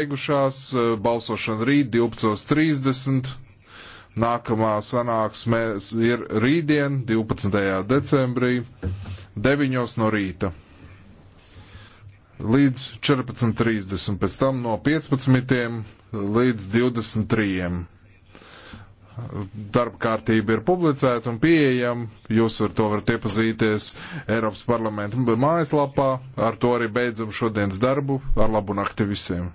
beigušās, e, balsošana rīt 12.30. Nākamā sanāksme ir rītdien, 12. decembrī, 9. no rīta. Līdz 14.30, pēc tam no 15. līdz 23. Darba kārtība ir publicēta un pieejama. Jūs ar to varat iepazīties Eiropas parlamenta mājaslapā. Ar to arī beidzam šodienas darbu. Ar labu nakti visiem!